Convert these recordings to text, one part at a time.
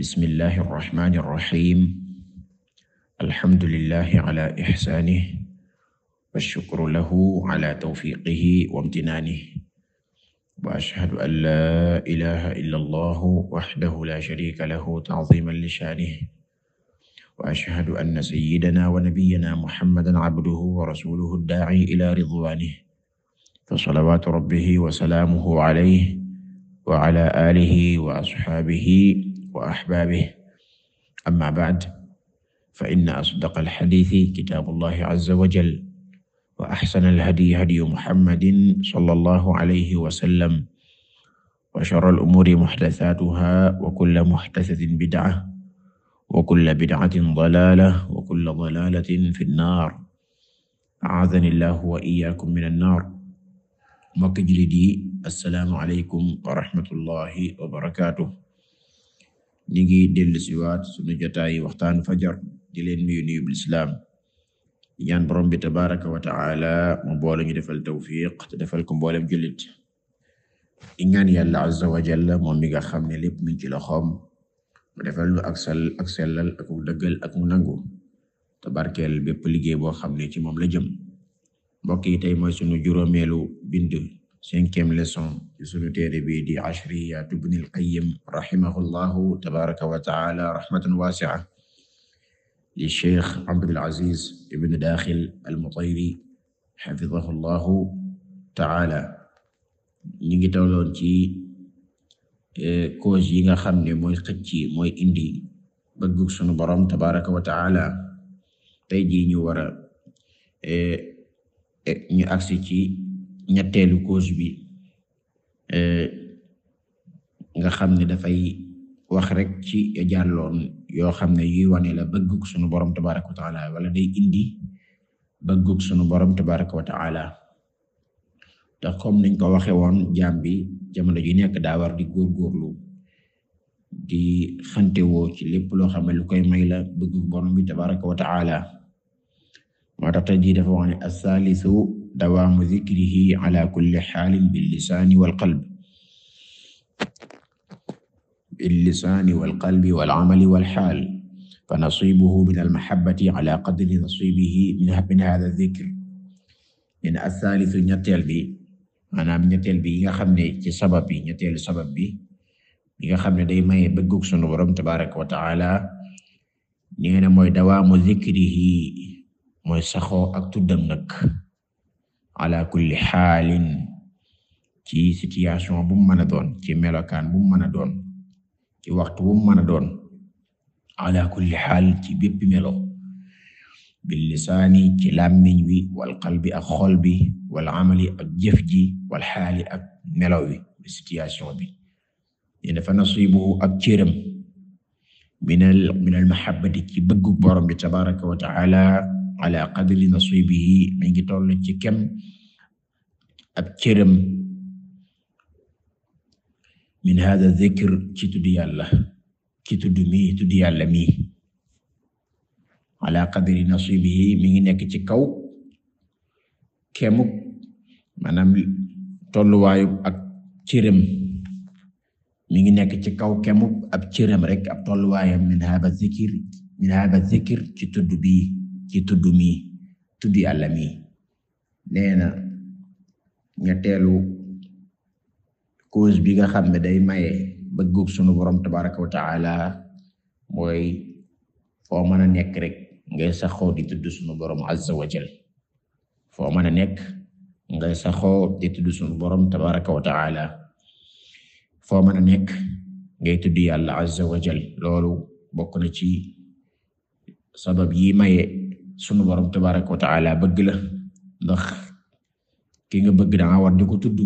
bismillahi irrahmani irrahim alhamdulillahi ala ixsaanihi washukru lahu ala tawfiqihi wa amtinaanihi wa ashhadu an laa ilaha illa allahu waxdahu la sharika lahu ta'ziman li sha'nihi wa ashhadu anna sayyidana wa nabiyyana muhammadan abduhu wa rasuluhu daa'i ila ridwaanihi fa salawaatu rabbihi wa salaamuhu alayhi wa ala aalihi wa ashaabihi وأحبابه أما بعد فإن أصدق الحديث كتاب الله عز وجل وأحسن الهدي هدي محمد صلى الله عليه وسلم وشر الأمور محدثاتها وكل محدثة بدعة وكل بدعة ضلالة وكل ضلالة في النار أعاذني الله وإياكم من النار mbokk jullit yi assalaamu aleykum wa rahmatullahi wa barakaatuh ñi ngi dellu siwaat sunu jotaay waxtaan fajar di leen nuyu nuyub lislaam di ñaan borom bi tabaraka wa taala mu mboole ñu defal tawfiq te defal ko mboolem jullit di ñaan yàlla azza moom mi nga xam ne lépp mi ci loxoom mu defal lu ak sal ak sellal ak mu dëggal ak mu nangu tabarkeel bépp liggéey boo xam ne ci moom la jëm mbokk yi tey mooy sunu juróomeelu bind cinquième leçon ci sunu téere bi di ashriyat ibn al-Qayyim rahimahullahu tabaraka wa taala rahmatan wasi'a li Cheikh Abdul Aziz ibn Dakhil al-Mutayri hafidahullahu taala ñu ngi tolloon ci e, cause yi nga xam ne mooy xëcc mooy indi bëggug sunu borom tabaraka wa taala tey jii ñu war a e, e, ñu agsi ci ñetteelu cause bi euh, nga xam ne dafay wax rek ci jàlloon yoo xam ne yuy wane la bëggug sunu borom tabaraka wa taala wala day indi bëggug sunu borom tabaraka wa taala te comme niñ ko waxe woon jaam bi jamono ju nekk daa war di góorgóorlu di xantewoo ci lépp loo xam lu koy may la bëggug borom bi tabaraka wa taala moo tax tey jii dafa wax ne asalisu dawaamu dhikrihi ala kulli xaalin billisaani walqalbi billisaani walqalbi walcamali walxaal fa nasiibuhu min almahabbati ala qadri nasiibihi min haadha dhikr min athaalith ñetteel bi maanaam ñetteel bi yi nga xam ne ci sabab bi ñetteelu sabab bi yi nga xam ne day maye bëggug sunu borom tabaaraka wa taala nee na mooy dawaamu dhikrihi mooy saxoo ak tuddam nag ala kulli xaalin ci situation bu mu mën a doon ci melokaan bu mu mën a doon ci waxtu bu mu mën a doon ala kulli xaal ci bépp melo bil lisaani ci làmmiñ wi wal qalbi ak xol bi wal amali ak jëf ji wal xaali ak melo wi situation bi ina fa nasibu ab cëram minal minal mahabbati ci bëggu borom bi tabaraka wa taala ala qadri nasibihi mi ngi toll ci kem ab cëram min hada dhikr ci tuddi yàlla ci tuddu mi tuddi yàlla mi ala qadri nasibihi mi ngi nekk ci kaw kemuk maanaam tolluwaayu ak cëram mi ngi nekk ci kaw kemuk ab cëram rek ab tolluwaayam min hada dhikr min hada dhikr ci tuddu bi ci tudd mi tudd yàlla mi nee na ñetteelu cause bi nga xam ne day maye bëggug sunu borom tabaraka wa taala mooy foo mën a nekk rek ngay saxoo di tudd sunu borom azza wa foo mën a nekk ngay saxoo di tudd borom tabaraka wa taala foo mën a nekk ngay tudd yàlla azza loolu bokk na ci sabab yi maye sunu borom tabaraka wa taala bëgg la ndax ki nga bëgg danga war di ko tudd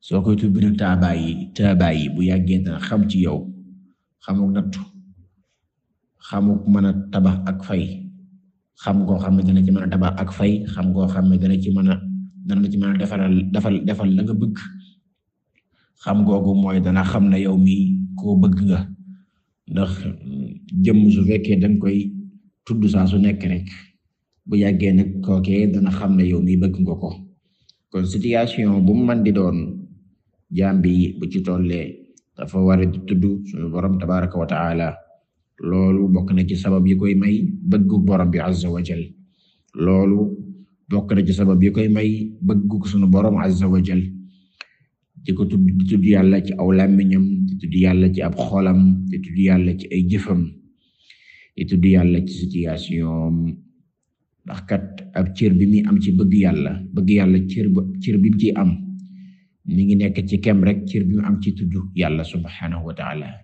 soo koy tudd nag taabaa yi taabaa yi bu yàggee dana xam ci yow xamuk nattu xamuk mën a tabax ak fay xam koo xam ne dana ci a tabax ak fay xam koo xam ne dana ci mën a dana ci mën a defaral defal defal la bëgg xam googu mooy dana xam na yow mi ko bëgg nga ndax jëm su fekkee danga koy tudd saa su nekk rek bu yàggee nag kookee dana xam ne yow mi bëgg nga ko kon situation bu mu man di doon jaam bi bu ci tollee dafa war a tudd suñu borom tabaraka wa taala loolu bokk na ci sabab yi koy may bëggu borom bi azza na ci sabab yi koy may bëggu suñu borom azza wa jal di ko tudd di tudd ci aw làmmiñam di tudd yàlla ci ab xolam di tudd ci ay jëfam di tudd yàlla ci situation ndax kat ab cër bi muy am ci bëgg yàlla bëgg yàlla cër cër bi ci am mi ngi nekk ci kem rek cër bi am ci tudd yàlla subhanahu wa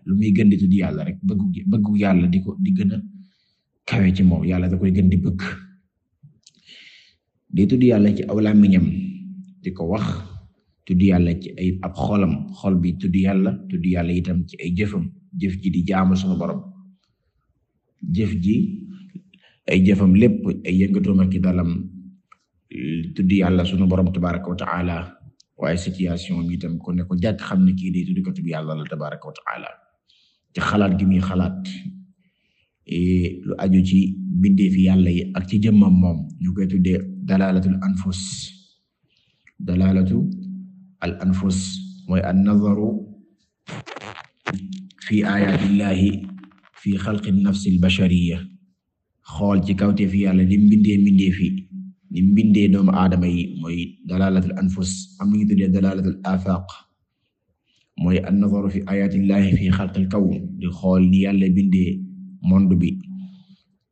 lu muy gën di tudd yàlla rek bëggu yàlla di ko di gën ci moom yàlla da koy gën di bëgg di tudd yàlla ci aw làmmiñam di ko wax tuddu yàlla ci ay ab xolam xol bi tuddu yàlla tuddu yàlla itam ci ay jëfam jëf ji di jaamu sunu borom jëf ji ay jëfam lépp ay yëngatoom ak dalam tuddi yàlla sunu borom tabaraka wa taala waaye situation bi itam ko ne ko jàkk xam ne kii day tuddikatu bi yàlla tabaraka wa taala ci xalaat gi muy xalaat e, lu aju ci bindee fi yàlla ak ci jëmmam moom ñu koy tuddee dalalatul anfus dalalatu al anfus mooy an fi ayatillahi fi xalqi nafsi albashariya xool ci kawteef yàlla ni mbindee mbindee fi ni mbindee doomu aadama yi mooy dalalatul anfus am nañu tuddee dalalatul afaq mooy an-nazaru fi ayatillahi fi xalqil kawn di xool ni yàlla bindee monde bi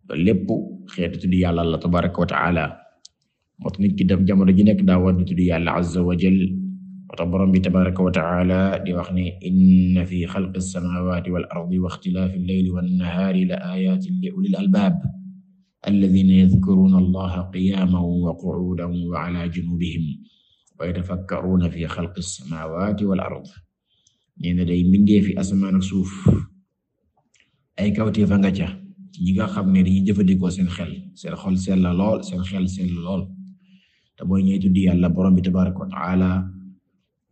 loolu lépp xeetu tudd yàlla la tabaraka wa taala moo ki def jamono ji nekk daa war di tudd yàlla azza wa wata borom bi tabaraka wa taala di wax ne inna fi xalqi samawati wal ardi wa ixtilaafi llayli wan nahaari la ayatin li ulil albaab alladina yadkuruna allaha qiyaman wa qu'udan wa ala junubihim wa yatafakkaruna fi xalqi samawati wal ard nee day mbindee fi asamaan ak suuf ay kawteef nga ca ci xam ne dañuy jëfandikoo seen xel seen xol sell la lool seen xel sell la lool te booy ñuy tudd yàlla borom bi tabaraka wa taala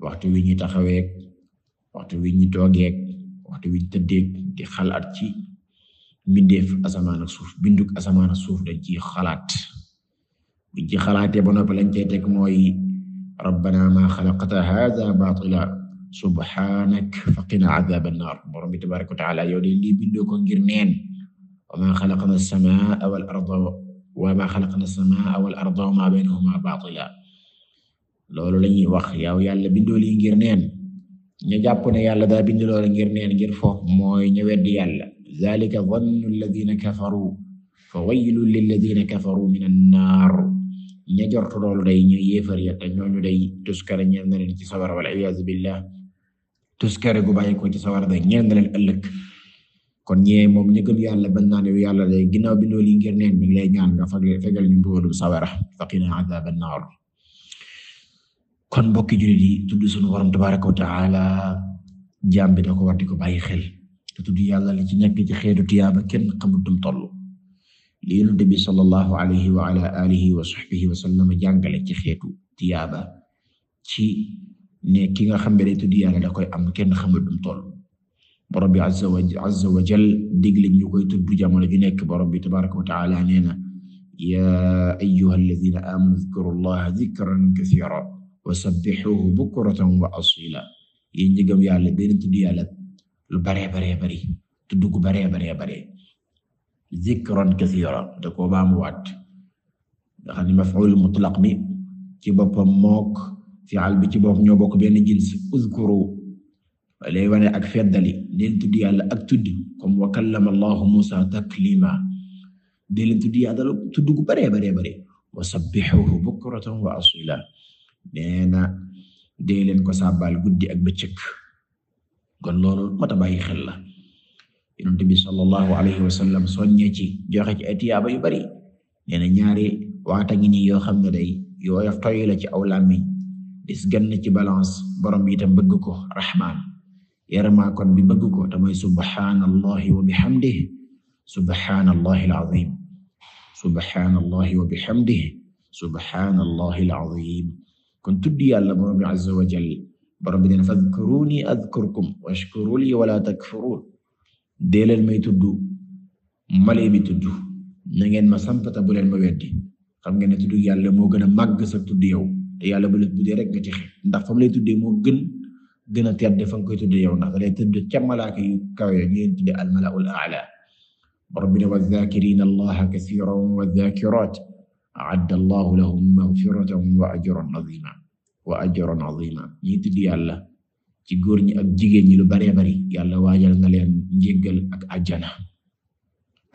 waxtu wi ñu taxaweek waxtu wi ñu toogeek waxtu wi ñu tëddeek di xalaat ci mbindeef asamaan ak suuf binduk asamaan ak suuf dañ ci xalaat bu ci xalaatee ba noppi lañ cay mooy rabbana ma xalaqta hadha batila subhanak faqina adhab a nar borom bi tabaraka wa taala yow de lii bindoo ko ngir neen wa ma xalaqna as-samaa wal arda wa ma xalaqna as-samaa wal arda wa ma baynahuma batila loolu lañuy wax yaw yàlla bindoo lii ngir neen ña jàpp ne yàlla daal bind loolu ngir neen ngir fo mooy ña weddi yàlla zalika zannu alladina kafaru fa waylu lilladina kafaru min annaar ña jort loolu day ñu yéefar ya te ñooñu day tuskare ñeel na ci sawar wal iyaazu billah tuskare gu bàyyi ko ci sawar day ñeel na leen ëllëg kon ñee moom ñu gëm yàlla bañ naan yow yàlla day ginnaaw bi loolu yi ngir neen mi ngi ñaan nga ñu mbugalum sawara faqina adhaban kon mbokki jullit yi tudd sunu borom tabaraka wa taala jaam bi ko war di ko bàyyi xel te tudd yàlla li ci nekk ci xeetu tiyaaba kenn xamutum tollu li yonent bi sallallahu alayhi wa ala alihi wa sahbihi ci xeetu tiyaaba ci ne ki nga xam ne day tudd yàlla da koy am kenn xamutum tollu borom bi azza wa azza wa ñu koy tudd jamono ju nekk borom bi tabaraka wa taala nee na ya ayyuha alladhina amanu dhkuru allaha dhikran kathira wasabbihuhu bukratan wa asila yéen ñi gëm yàlla benn yàlla lu baree baree bari tudd gu baree baree baree zikran da koo baamuwaat nga xam ne mutlaq mi ci boppam mook fi'al bi ci boppam ñoo bokk benn jins uzkuru lay wane ak feddali leen tudd yàlla ak tudd comme wa kallama allahu musa taklima de leen yàlla tudd gu baree baree baree wasabbihuhu bukratan wa asila nee na dee leen ko saabal guddi ak bëccëg kon loolu mat a bàyyi xel la yonent bi sallallahu alayhi ci joxe ci ay tiyaaba yu bari nee na ñaari waata yoo xam ne day yooyof toy la ci aw làmmiñ dis gann ci balance borom bi itam bëgg ko rahmaan yaramaa kon bi bëgg ko te mooy subhanallahi wa bihamdihi subhanallahi alazim subhanallahi wa kon tudd yàlla borom bi azza wa jal borom bi den fadkuruni adkurkum washkuru li wala takfurun dee leen may tudd malee bi tudd na ngeen ma sampata bu leen ma weddi xam ngeen ne tudd yàlla moo gën a màgg sa tudd yow te yàlla bu la tuddee rek nga texe ndax fam lay tuddee moo gën gën a tedd fa nga koy tuddee yow ndax lay tudd ca malaaka yu kawe ñu leen tuddee almalaaul aala borom bi ne wa zaakirina allaha kasiran wa zaakiraat a'adda Allahu lahum maghfiratan wa ajran azima wa ajran azima ñi tudd yàlla ci góor ñi ak jigéen ñi lu bari bari yàlla waajal na leen njéggal ak ajjana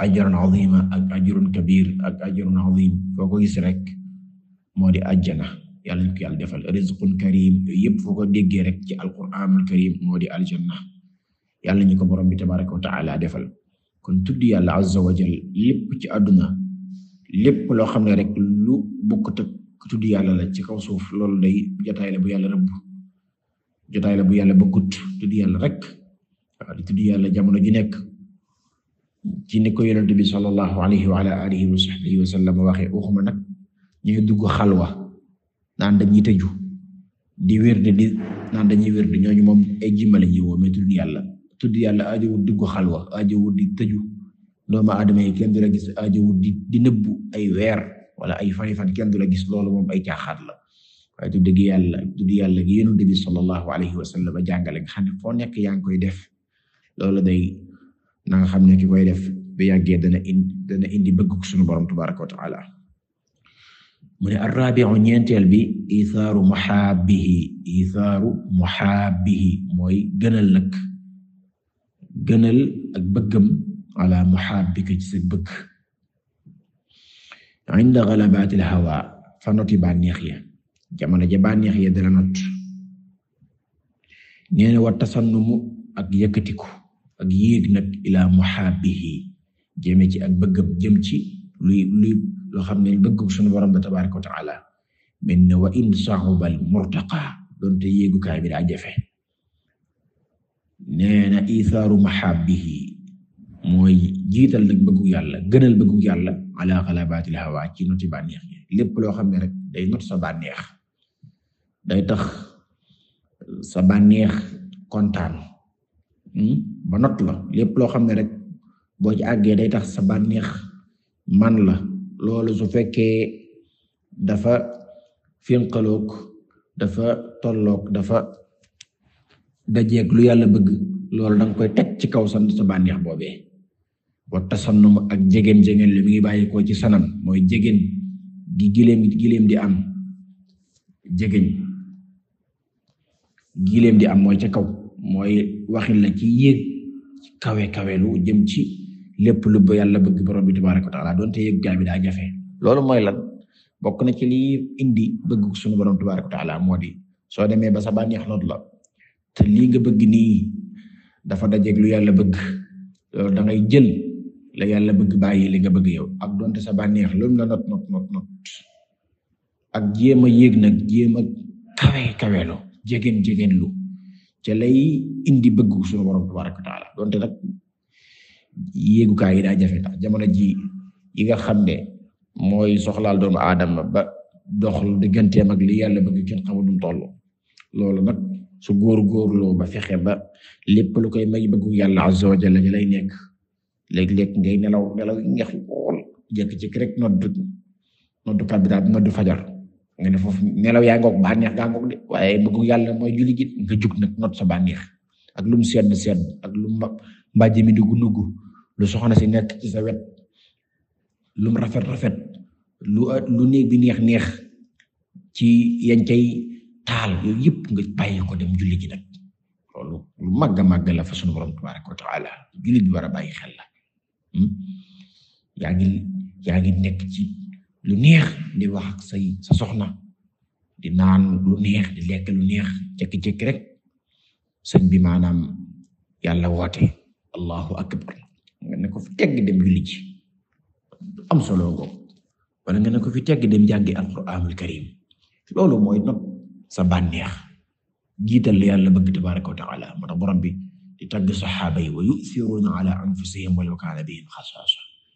ajran azima ak ajrun kabir ak ajrun azim foo ko gis rek moo di ajjana yàlla ko yàlla defal rizqun karim yëpp foo ko déggee rek ci alquranul moo di aljanna yàlla ñu ko borom bi tabaraka wa taala defal kon tudd yàlla azza wa jal lépp ci àdduna lépp loo xam ne rek lu bokkut ak tudd yàlla la ci kaw suuf loolu day jotaay la bu yàlla rëbb jotaay la bu yàlla bëggut tudd yàlla rek waaw di tudd yàlla jamono ju nekk ci ni ko yonent bi sallallahu alayhi wa ala alihi wa sahbihi wa sallam waxee nag ñuy dugg xalwa naan dañuy tëju di wérde di naan dañuy wérde ñooñu moom ay jimale ñi woo mais tudd yàlla tudd yàlla aajowul dugg xalwa aajowul di tëju doomu aadama yi kenn du la gis ay weer wala ay fani fan kenn du la gis loolu moom ay caaxaat la waaye du dëgg yàlla du di yàlla gi yonent bi sallallahu a wa sallam jàngale nga xam ne foo nekk yaa ngi koy def loolu xam ne ki koy def bu yàggee dana indi dana indi bëgguk sunu borom tabaraka wa taala mu ne arrabi'u ñeenteel bi ithaaru muhabbihi ithaaru muhabbihi mooy gënal nag gënal ak bëggam ala muhabbika ci sa bëgg inda ghalabaatil hawa fa noti bànneex ya jamono ja bànneex ya dala not nee na wa tasannumu ak yëkkatiku ak yéeg nag ila muhabbihi jëme ci ak bëggam jëm ci luy luy xam ne bëggu sunu borom ba tabaraka wa taala min wa in sa'ubal murtaqa donte yéegukaay bi daa jafe nee na isaaru mahabbihi mooy jiital nag bëggu yàlla gënal bëggu yàlla ala xalabaatil hawa ci noti bànneex yi lépp loo xam ne rek day not sa bànneex day tax sa bànneex kontaan hmm? ba not la lépp loo xam ne rek boo ci àggee day tax sa bànneex man la loolu su fekkee dafa finqaloog dafa tolloog dafa dajeek lu yàlla bëgg loolu danga koy teg ci kaw sa sa bànneex boobee wa tasannum ak jegeen jegeen li mi ngi bàyyi ko ci sanam mooy jegeen gi gileem gileem di am jegeen gileem di am mooy ca kaw mooy waxin la ci yéeg kawe kawe lu jëm ci lépp lu ba yàlla bëgg borom bi tabaaraka wa taala doonte yéeg gaay bi daa jafe loolu mooy lan bokk na ci lii indi bëgg suñu borom tabaaraka wa taala moo di soo demee ba sa bànneex noot la te lii nga bëgg nii dafa da lu yàlla bëgg loolu jël la yàlla bëgg bàyyi li nga bëgg yow ak donte sa bànneex loolu la not not not ak jéem a yéeg nag jéem a kawe kawelo jegeen jegeen lu ca lay indi bëgg suñu borom tabaraka wa taala donte nag yéegukaay yi daa jafe ndax jamono ji yi nga xam ne mooy soxlaal doomu aadama ba dox digganteem ak li yàlla bëgg kenn xamul nu mu nag su góor góorloo ba fexe ba lépp lu koy may bëggu yàlla azza wa jalla lay nekk léegi léeg ngay nelaw nelaw yi neex lool jékki-jékki rek noddu noddukat bi daal fajar nga ne foofu nelaw yaa ngoog bànneex gaa ngoog de waaye bëggu yàlla mooy julli gi nga jug nag not sa bànneex ak lu mu sedd sedd ak lu mu mbàjj mi dugg dugg lu soxna si nekk ci sa wet rafet rafet lu lu néeg bi neex neex ci yañ cay taal yooyu yëpp nga bàyyi ko dem julli gi nag loolu lu màgg a màgg la fa sunu borom tabaraka wa taala julli bi war a xel la. Hmm? yaa ngi yaa ngi nekk ci lu neex di wax ak sa soxna di naan lu neex di lekk lu neex jékki-jékki rek sëñ bi maanaam yàlla woote allahu akbar nga ne ko fi tegg dem julli am solo ngo wala nga ne ko fi tegg dem jàngi alquranul karim loolu mooy not sa bànneex jiital yàlla bëgg tabaraka wa taala moo tax borom bi di tagg saxaaba yi wa yu'thiruuna ala anfusihim walaw kaana bihim xasaasa